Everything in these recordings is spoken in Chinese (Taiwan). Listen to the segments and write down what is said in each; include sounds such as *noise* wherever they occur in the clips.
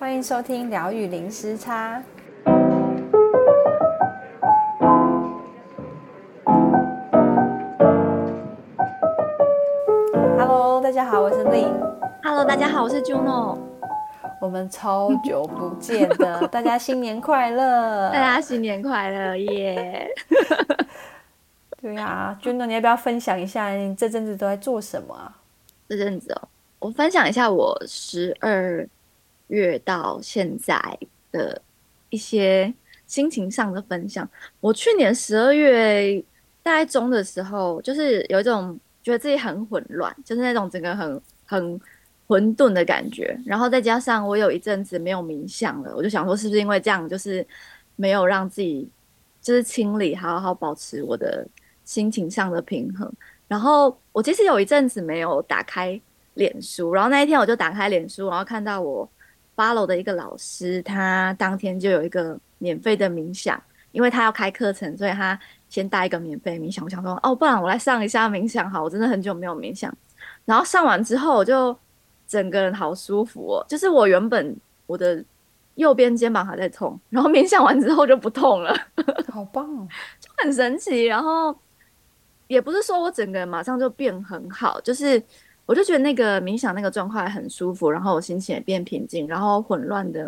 歡迎收聽療癒零時差。 *noise* Hello，大家好，我是 Lynn。Hello，大家好，我是 Juno。 *noise* *noise* 我們超久不見了， *laughs* 大家新年快樂！ *laughs* 大家新年快樂，耶、yeah！ *laughs* *laughs* 對啊，Juno，你要不要分享一下你這陣子都在做什麼啊？這陣子哦，我分享一下我十二月到現在的，一些心情上的分享。我去年十二月大概中的時候，就是有一種覺得自己很混亂，就是那種整個很很混沌的感覺。然後再加上我有一陣子沒有冥想了，我就想說是不是因為這樣，就是沒有讓自己就是清理，好好保持我的心情上的平衡。然後我其實有一陣子沒有打開臉書，然後那一天我就打開臉書，然後看到我。八樓的一個老師，他當天就有一個免費的冥想，因為他要開課程，所以他先帶一個免費冥想。我想說，哦，不然我來上一下冥想，好，我真的很久沒有冥想。然後上完之後，我就整個人好舒服哦。就是我原本我的右邊肩膀還在痛，然後冥想完之後就不痛了，好棒，就很神奇。然後也不是說我整個人馬上就變很好，就是。我就覺得那個冥想那個狀況很舒服，然後我心情也變平靜，然後混亂的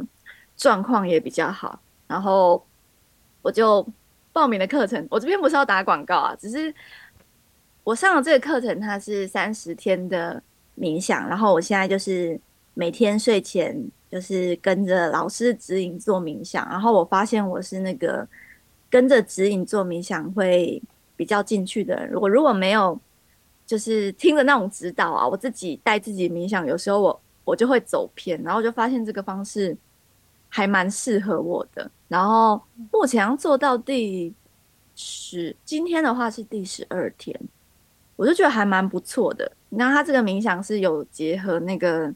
狀況也比較好，然後我就報名了課程。我這邊不是要打廣告啊，只是我上了這個課程，它是三十天的冥想，然後我現在就是每天睡前就是跟着老師指引做冥想，然後我發現我是那個跟着指引做冥想會比較進去的人。如果如果沒有，就是聽的那種指導啊，我自己帶自己冥想，有時候我我就會走偏，然後就發現這個方式還蠻適合我的。然後目前要做到第十，今天的話是第十二天，我就覺得還蠻不錯的。那他這個冥想是有結合那個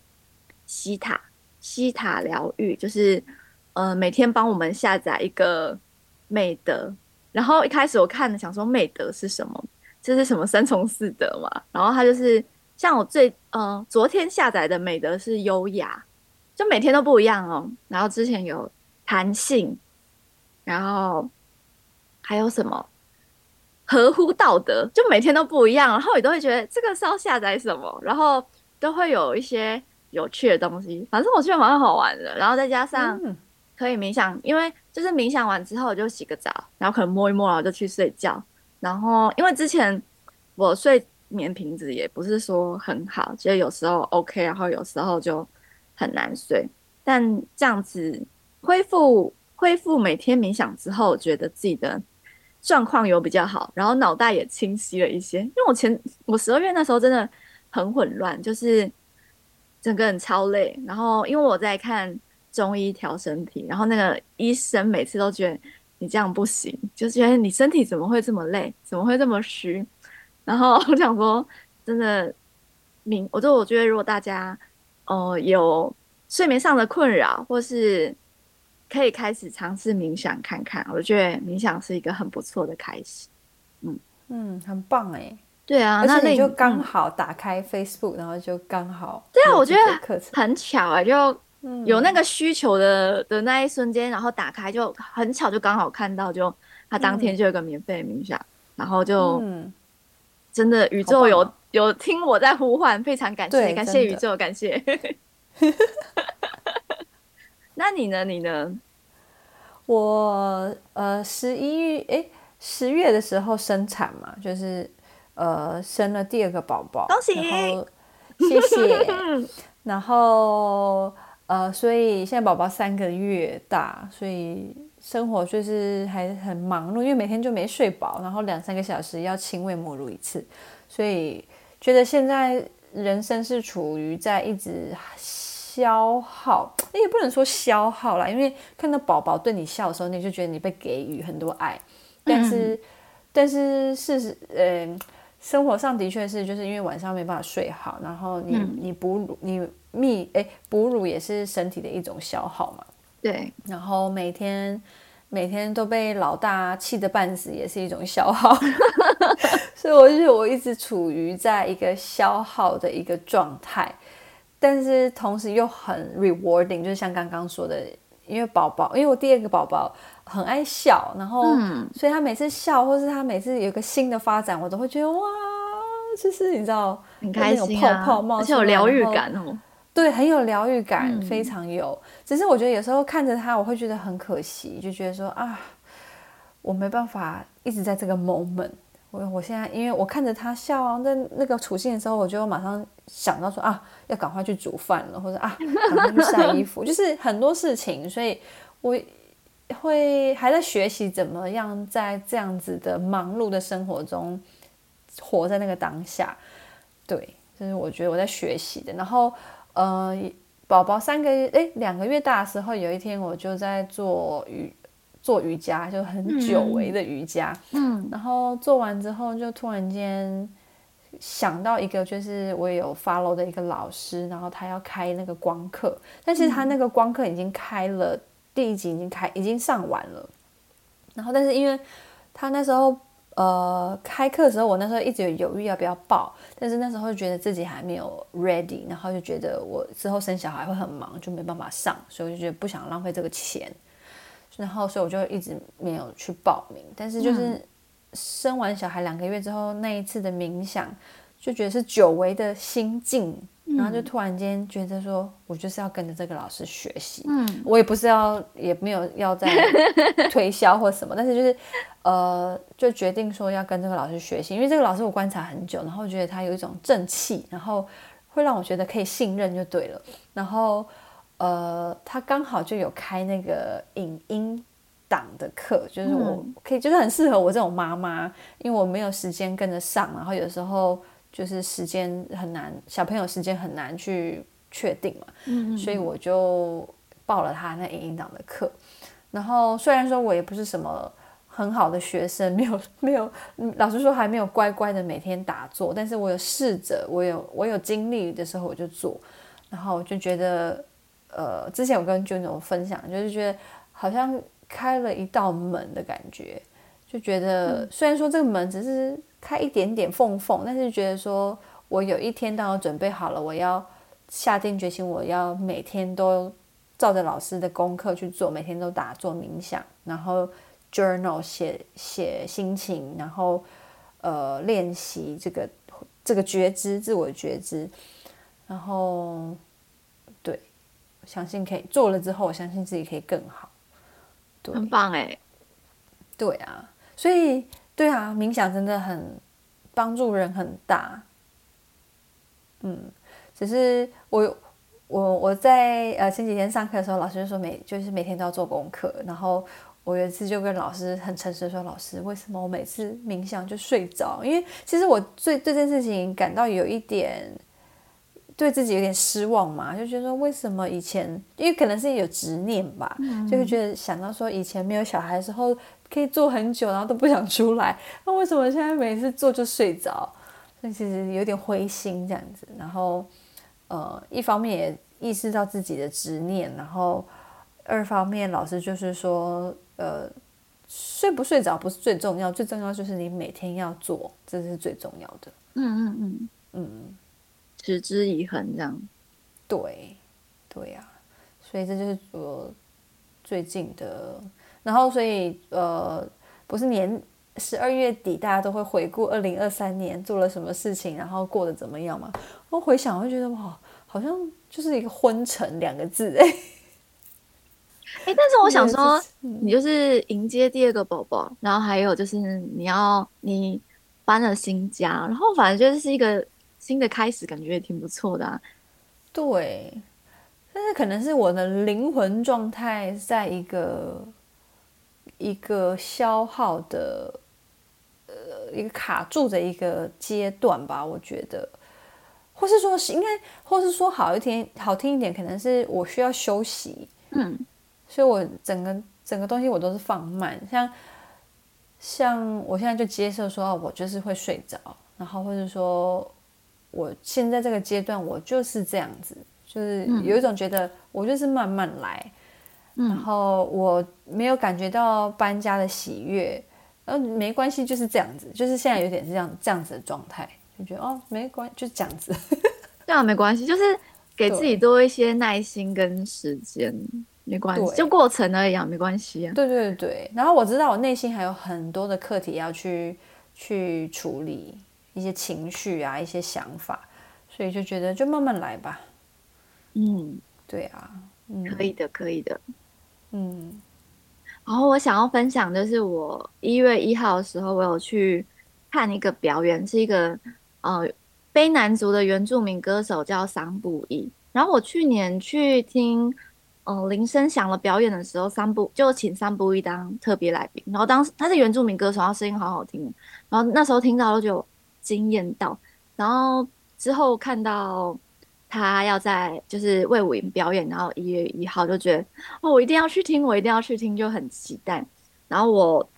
西塔西塔療癒，就是呃每天幫我們下載一個美德。然後一開始我看的想說美德是什麼？這是什麼三從四德嘛？然後他就是像我最嗯昨天下載的美德是優雅，就每天都不一樣哦。然後之前有彈性，然後還有什麼合乎道德，就每天都不一樣。然後你都會覺得這個是要下載什麼，然後都會有一些有趣的東西。反正我覺得蠻好玩的。然後再加上可以冥想，嗯、因為就是冥想完之後我就洗個澡，然後可能摸一摸，然後就去睡覺。然後，因為之前我睡眠品質也不是說很好，就是有時候 OK，然後有時候就很難睡。但這樣子恢復、恢復每天冥想之後，覺得自己的狀況有比較好，然後腦袋也清晰了一些。因為我前我十二月那時候真的很混亂，就是整個人超累。然後因為我在看中醫調身體，然後那個醫生每次都覺得。你這樣不行，就覺得你身體怎麼會這麼累，怎麼會這麼虛？然後我想說，真的冥，我就我覺得，如果大家哦、呃、有睡眠上的困擾，或是可以開始嘗試冥想看看，我覺得冥想是一個很不錯的開始。嗯嗯，很棒哎、欸，對啊，那你就剛好打開 Facebook，、嗯、然後就剛好，對啊，我覺得很巧啊、欸，就。有那個需求的的那一瞬間，然後打開就很巧，就剛好看到就，就他當天就有個免費的冥想、嗯，然後就、嗯、真的宇宙有、哦、有聽我在呼喚，非常感謝感謝宇宙，感謝。 *laughs* 那你呢？你呢？我呃十一月哎十月的時候生產嘛，就是呃生了第二個寶寶，恭喜，然後謝謝， *laughs* 然後。呃，所以現在寶寶三個月大，所以生活就是還很忙碌，因為每天就沒睡飽，然後兩三個小時要親餵母乳一次，所以覺得現在人生是處於在一直消耗，你也不能說消耗啦，因為看到寶寶對你笑的時候，你就覺得你被給予很多愛，但是、嗯、但是事實，嗯、呃，生活上的確是就是因為晚上沒辦法睡好，然後你、嗯、你不你。密哎，哺乳也是身體的一種消耗嘛。對，然後每天每天都被老大氣得半死，也是一種消耗。 *laughs* *laughs* 所以我就我一直處於在一個消耗的一個狀態，但是同時又很 rewarding，就是像剛剛說的，因為寶寶，因為我第二個寶寶很愛笑，然後、嗯、所以他每次笑，或是他每次有個新的發展，我都會覺得哇，就是你知道很開心、啊、有有泡泡冒，而且有療癒感哦。對，很有療癒感，嗯，非常有。只是我覺得有時候看着他，我會覺得很可惜，就覺得說啊，我沒辦法一直在這個 moment 我。我我現在因為我看着他笑，那那個處境的時候，我就馬上想到說啊，要趕快去煮飯了，或者啊，趕快去曬衣服， *laughs* 就是很多事情。所以我會還在學習怎麼樣在這樣子的忙碌的生活中活在那個當下。對，就是我覺得我在學習的，然後。呃，寶寶三個月，誒，兩個月大的時候，有一天我就在做瑜做瑜伽，就很久違的瑜伽，嗯，然後做完之後，就突然間想到一個，就是我有 follow 的一個老師，然後他要開那個光課，但是他那個光課已經開了，嗯，第一集已經開，已經上完了，然後，但是因為他那時候。呃，開課的時候，我那時候一直有猶豫要不要報，但是那時候就覺得自己還沒有 ready，然後就覺得我之後生小孩會很忙，就沒辦法上，所以我就覺得不想浪費這個錢，然後所以我就一直沒有去報名。但是就是生完小孩兩個月之後，那一次的冥想，就覺得是久違的心境。然後就突然間覺得說，我就是要跟着這個老師學習。嗯，我也不是要，也沒有要再推銷或什麼，但是就是，呃，就決定說要跟這個老師學習，因為這個老師我觀察很久，然後覺得他有一種正氣，然後會讓我覺得可以信任就對了。然後，呃，他剛好就有開那個影音檔的課，就是我可以，就是很適合我這種媽媽，因為我沒有時間跟着上，然後有的時候。就是時間很難，小朋友時間很難去確定嘛、嗯，所以我就報了他那影音檔的課。然後雖然說我也不是什麼很好的學生，沒有沒有，老實說還沒有乖乖的每天打坐，但是我有試着，我有我有精力的時候我就做，然後我就覺得，呃，之前我跟 Juno 分享，就是覺得好像開了一道門的感覺，就覺得、嗯、雖然說這個門只是。開一點點縫縫，但是覺得說，我有一天當我準備好了，我要下定決心，我要每天都照着老師的功課去做，每天都打坐冥想，然後 journal 寫寫心情，然後呃練習這個這個覺知，自我覺知，然後對，相信可以做了之後，我相信自己可以更好，對很棒誒，對啊，所以。對啊，冥想真的很幫助人很大。嗯，只是我我我在呃前幾天上課的時候，老師就說每就是每天都要做功課。然後我有一次就跟老師很誠實的說：“老師，為什麼我每次冥想就睡着因為其實我最對這件事情感到有一點對自己有點失望嘛，就覺得說為什麼以前，因為可能是有執念吧，就會覺得想到說以前沒有小孩的時候。”可以坐很久，然後都不想出來。那、啊、為什麼現在每次坐就睡着？那其實有點灰心，這樣子。然後，呃，一方面也意識到自己的執念，然後二方面老師就是說，呃，睡不睡着不是最重要，最重要就是你每天要做，這是最重要的。嗯嗯嗯嗯，持之以恆這樣。對，對呀、啊。所以這就是我最近的。然後，所以呃，不是年十二月底，大家都會回顧二零二三年做了什麼事情，然後過得怎麼樣嘛？我回想，會覺得哇、哦，好像就是一個昏沉兩個字哎、欸。但是我想說，你就是迎接第二個寶寶，然後還有就是你要你搬了新家，然後反正就是一個新的開始，感覺也挺不錯的、啊。對，但是可能是我的靈魂狀態在一個。一個消耗的，呃，一個卡住的一個階段吧，我覺得，或是說，是應該，或是說好一點，好聽一點，可能是我需要休息，嗯，所以我整個整個東西我都是放慢，像像我現在就接受說，說我就是會睡着，然後或者說我現在這個階段我就是這樣子，就是有一種覺得我就是慢慢來。然後我沒有感覺到搬家的喜悅，嗯、呃，沒關係，就是這樣子，就是現在有點是這樣這樣子的狀態，就覺得哦，沒關，就這樣子。對 *laughs* 啊，沒關係，就是給自己多一些耐心跟時間，沒關係，就過程而已，啊，沒關係，啊。對，對對對，然後我知道我內心還有很多的課題要去去處理一些情緒啊，一些想法，所以就覺得就慢慢來吧。嗯，對啊，嗯，可以的，可以的。嗯，然後我想要分享就是我一月一號的時候，我有去看一個表演，是一個呃卑南族的原住民歌手叫桑布伊。然後我去年去聽、呃、鈴林聲響了表演的時候，桑布就請桑布伊當特別來賓。然後當時他是原住民歌手，他聲音好好聽，然後那時候聽到了就驚艷到。然後之後看到。他要在就是衛武營表演，然後一月一號就覺得哦，我一定要去聽，我一定要去聽，就很期待。然後我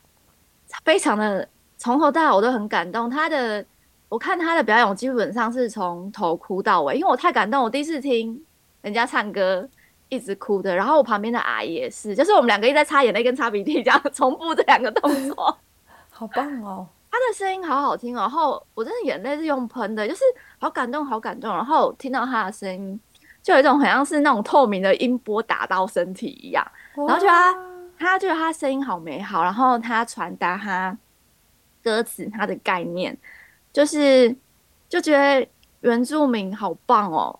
非常的從頭到尾我都很感動。他的我看他的表演，我基本上是從頭哭到尾，因為我太感動。我第一次聽人家唱歌一直哭的。然後我旁邊的阿姨也是，就是我們兩個一直在擦眼淚跟擦鼻涕，這樣重複這兩個動作， *laughs* 好棒哦。他的聲音好好聽，然後我真的眼淚是用噴的，就是好感動，好感動。然後聽到他的聲音，就有一種很像是那種透明的音波打到身體一樣。然後覺得他，他覺得他聲音好美好。然後他傳達他歌詞，他的概念，就是就覺得原住民好棒哦。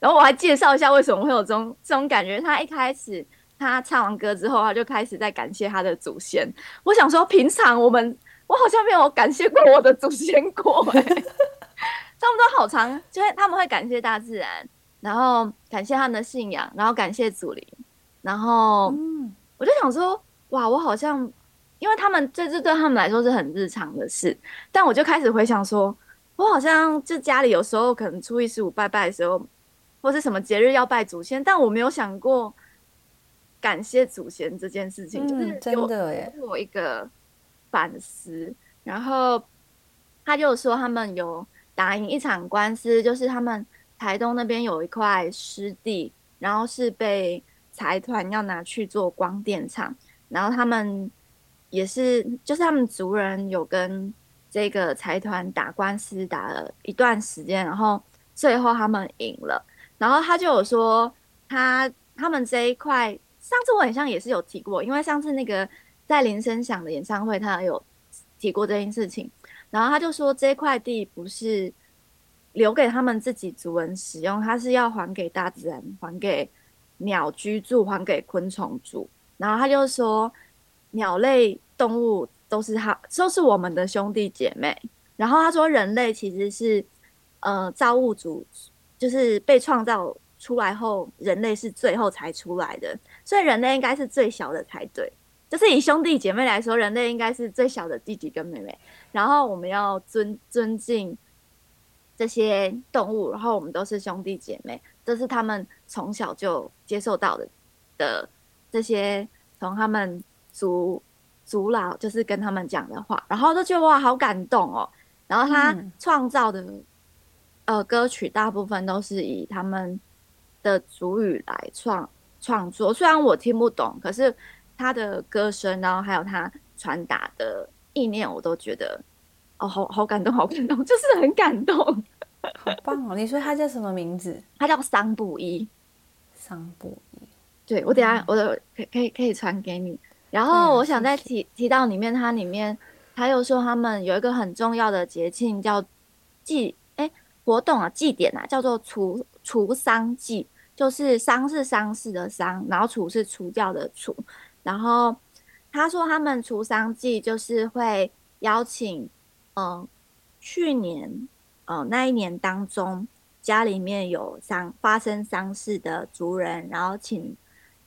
然後我還介紹一下為什麼會有這種這種感覺。他一開始他唱完歌之後，他就開始在感謝他的祖先。我想說，平常我們。我好像沒有感謝過我的祖先過，差不多好長，就是他們會感謝大自然，然後感謝他們的信仰，然後感謝祖靈，然後嗯，我就想說，哇，我好像，因為他們這這、就是、對他們來說是很日常的事，但我就開始回想說，說我好像就家裡有時候可能初一十五拜拜的時候，或是什麼節日要拜祖先，但我沒有想過感謝祖先這件事情，就是、嗯、真的耶，我一個。反思，然後他就說他們有打贏一場官司，就是他們台東那邊有一塊濕地，然後是被財團要拿去做光電廠，然後他們也是，就是他們族人有跟這個財團打官司，打了一段時間，然後最後他們贏了。然後他就有說他他們這一塊，上次我好像也是有提過，因為上次那個。在林生祥的演唱會，他有提過這件事情，然後他就說，這塊地不是留給他們自己族人使用，他是要還給大自然，還給鳥居住，還給昆蟲住。然後他就說鳥類動物都是他，都是我們的兄弟姐妹。然後他說人類其實是，呃，造物主就是被創造出來後，人類是最後才出來的，所以人類應該是最小的才對。就是以兄弟姐妹來說，人類應該是最小的弟弟跟妹妹。然後我們要尊尊敬這些動物，然後我們都是兄弟姐妹。這是他們從小就接受到的的這些，從他們族族老就是跟他們講的話，然後都覺得哇，好感動哦。然後他創造的、嗯、呃歌曲，大部分都是以他們的族語來創創作。雖然我聽不懂，可是。他的歌聲，然後還有他傳達的意念，我都覺得哦，好好感動，好感動，就是很感動， *laughs* 好棒哦。你說他叫什麼名字？他叫桑布伊，桑布伊，對，我等下我的可、嗯、可以可以傳給你。然後我想再提、嗯、謝謝提到裡面，他裡面他又說他們有一個很重要的節慶叫祭誒活動啊祭典啊，叫做除除喪祭，就是喪是喪事的喪，然後除是除掉的除。然後他說，他們除喪祭就是會邀請，嗯、呃，去年，呃，那一年當中，家裡面有喪發生喪事的族人，然後請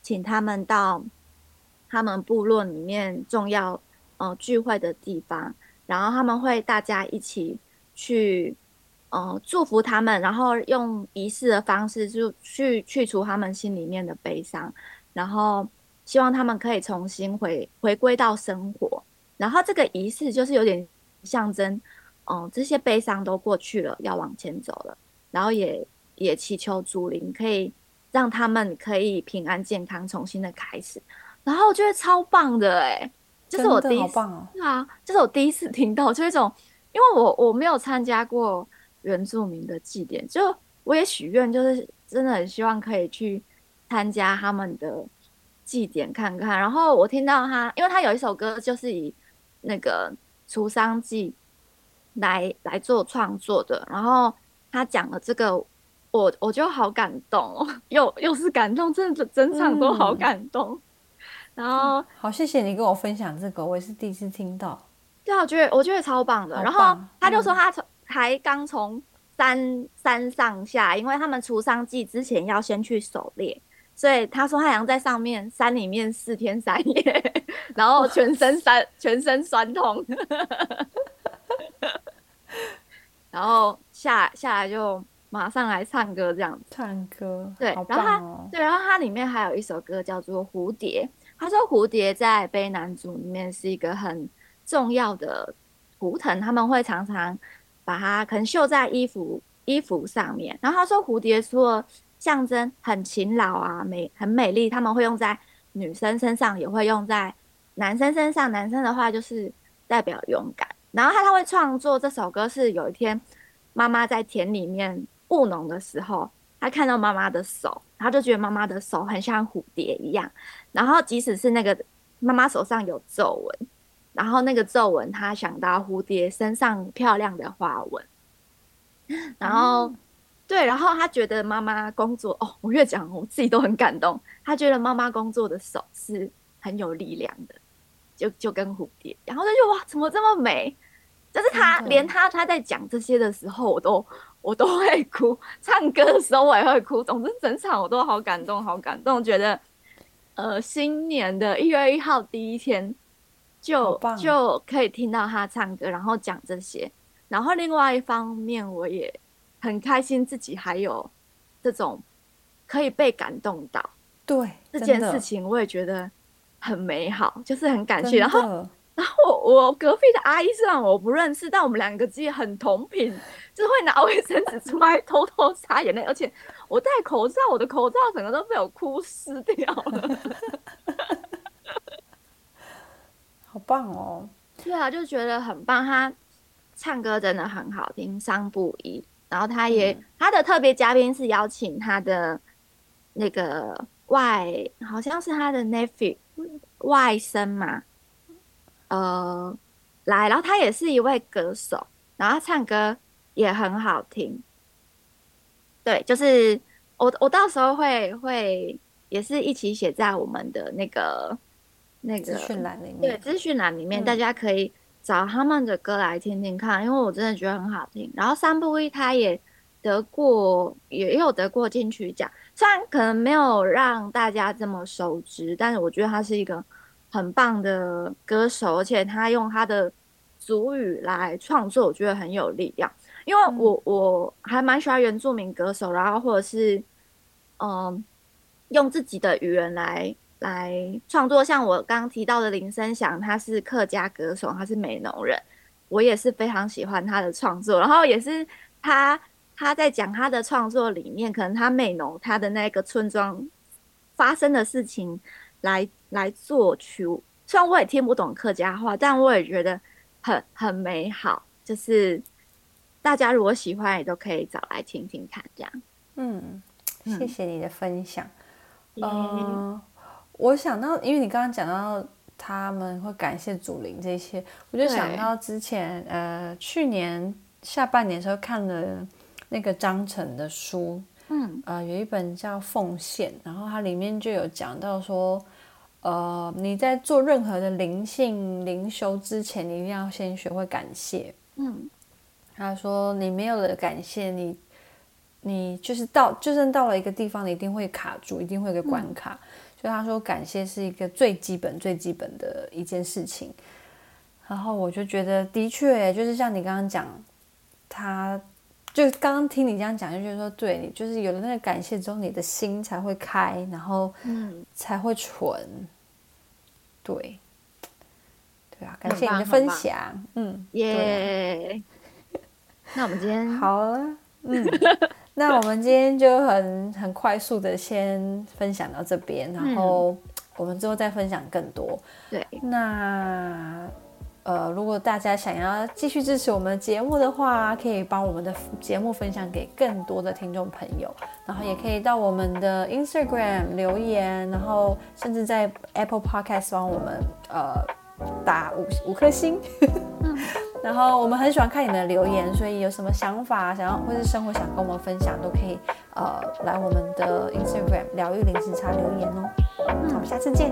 請他們到他們部落裡面重要，嗯、呃，聚會的地方，然後他們會大家一起去，嗯、呃，祝福他們，然後用儀式的方式就去去除他們心裡面的悲傷，然後。希望他們可以重新回回歸到生活，然後這個儀式就是有點象徵，嗯，這些悲傷都過去了，要往前走了，然後也也祈求祖靈可以讓他們可以平安健康，重新的開始。然後我覺得超棒的、欸，誒，這、就是我第一次，是、哦、啊，這、就是我第一次聽到，就一種，因為我我沒有參加過原住民的祭典，就我也許願，就是真的很希望可以去參加他們的。祭典看看，然後我聽到他，因為他有一首歌就是以那個除喪祭來來做創作的，然後他講了這個，我我就好感動，又又是感動，真的整場都好感動。嗯、然後，嗯、好謝謝你跟我分享這個，我也是第一次聽到。對，我覺得我覺得超棒的。好棒，然後他就說他才剛從山山、嗯、上下，因為他們除喪祭之前要先去狩獵。所以他說太陽在上面山裡面四天三夜，然後全身酸，哦、全身酸痛， *laughs* 然後下下來就馬上來唱歌這樣唱歌對，哦、對，然後他對，然後他裡面還有一首歌叫做蝴蝶。他說蝴蝶在卑南族裡面是一個很重要的圖騰，他們會常常把它可能繡在衣服衣服上面。然後他說蝴蝶說。象徵很勤勞啊，美很美麗。他們會用在女生身上，也會用在男生身上。男生的話就是代表勇敢。然後他他會創作這首歌，是有一天媽媽在田裡面務農的時候，他看到媽媽的手，他就覺得媽媽的手很像蝴蝶一樣。然後即使是那個媽媽手上有皺紋，然後那個皺紋，他想到蝴蝶身上漂亮的花紋，然後、嗯。對，然後他覺得媽媽工作哦，我越講我自己都很感動。他覺得媽媽工作的手是很有力量的，就就跟蝴蝶。然後他就哇，怎麼這麼美？就是他連他他在講這些的時候，我都我都會哭。唱歌的時候我也會哭。總之，整場我都好感動，好感動。覺得呃，新年的一月一號第一天，就就可以聽到他唱歌，然後講這些。然後另外一方面，我也。很開心自己還有這種可以被感動到，對這件事情我也覺得很美好，就是很感謝。然後，然後我，我隔壁的阿姨雖然我不認識， *laughs* 但我們兩個自己很同頻，就會拿衛生紙出來偷偷擦眼淚， *laughs* 而且我戴口罩，我的口罩整個都被我哭濕掉了 *laughs* 。 *laughs* 好棒哦！對啊，就覺得很棒。他唱歌真的很好聽，桑布伊。然後他也、嗯、他的特別嘉賓是邀請他的那個外，好像是他的 nephew 外甥嘛，呃，來，然後他也是一位歌手，然後他唱歌也很好聽，對，就是我我到時候會會也是一起寫在我們的那個那個資訊欄裡面，對，資訊欄裡面大家可以、嗯。找他們的歌來聽聽看，因為我真的覺得很好聽。然後桑布伊也得過，也有得過金曲獎。雖然可能沒有讓大家這麼熟知，但是我覺得他是一個很棒的歌手，而且他用他的族語來創作，我覺得很有力量。因為我我還蠻喜歡原住民歌手，然後或者是嗯，用自己的語言來。來創作，像我剛剛提到的林生祥，他是客家歌手，他是美濃人，我也是非常喜歡他的創作。然後也是他，他在講他的創作裡面，可能他美濃他的那個村莊發生的事情來，來來作曲。雖然我也聽不懂客家話，但我也覺得很很美好。就是大家如果喜歡，也都可以找來聽聽看，這樣。嗯，謝謝你的分享。嗯。Uh... 我想到，因為你剛剛講到他們會感謝祖靈這些，我就想到之前，呃，去年下半年的時候看了那個章成的書，嗯，呃，有一本叫《奉獻》，然後它裡面就有講到說，呃，你在做任何的靈性靈修之前，你一定要先學會感謝，嗯，他說你沒有了感謝，你你就是到，就算到了一個地方，你一定會卡住，一定會有個關卡。嗯對他說，感謝是一個最基本、最基本的一件事情。然後我就覺得，的確，就是像你剛剛講，他，就剛剛聽你這樣講，就覺得說，對你，就是有了那個感謝之後，你的心才會開，然後對對、啊、嗯，才會存。對，對啊，感謝你的分享，yeah. 嗯，耶、啊。那我們今天好了，嗯。 *laughs* 那我們今天就很很快速的先分享到這邊，然後我們之後再分享更多。嗯、對，那呃，如果大家想要繼續支持我們節目的話，可以幫我們的節目分享給更多的聽眾朋友，然後也可以到我們的 Instagram 留言，然後甚至在 Apple Podcast 幫我們呃打五五顆星。 *laughs* 然後我們很喜歡看你們的留言，所以有什麼想法、想要或是生活想跟我們分享，都可以呃來我們的 Instagram“ 療癒零食茶”留言哦。好、嗯，我們下次見，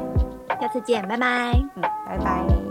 下次見，拜拜，嗯，拜拜。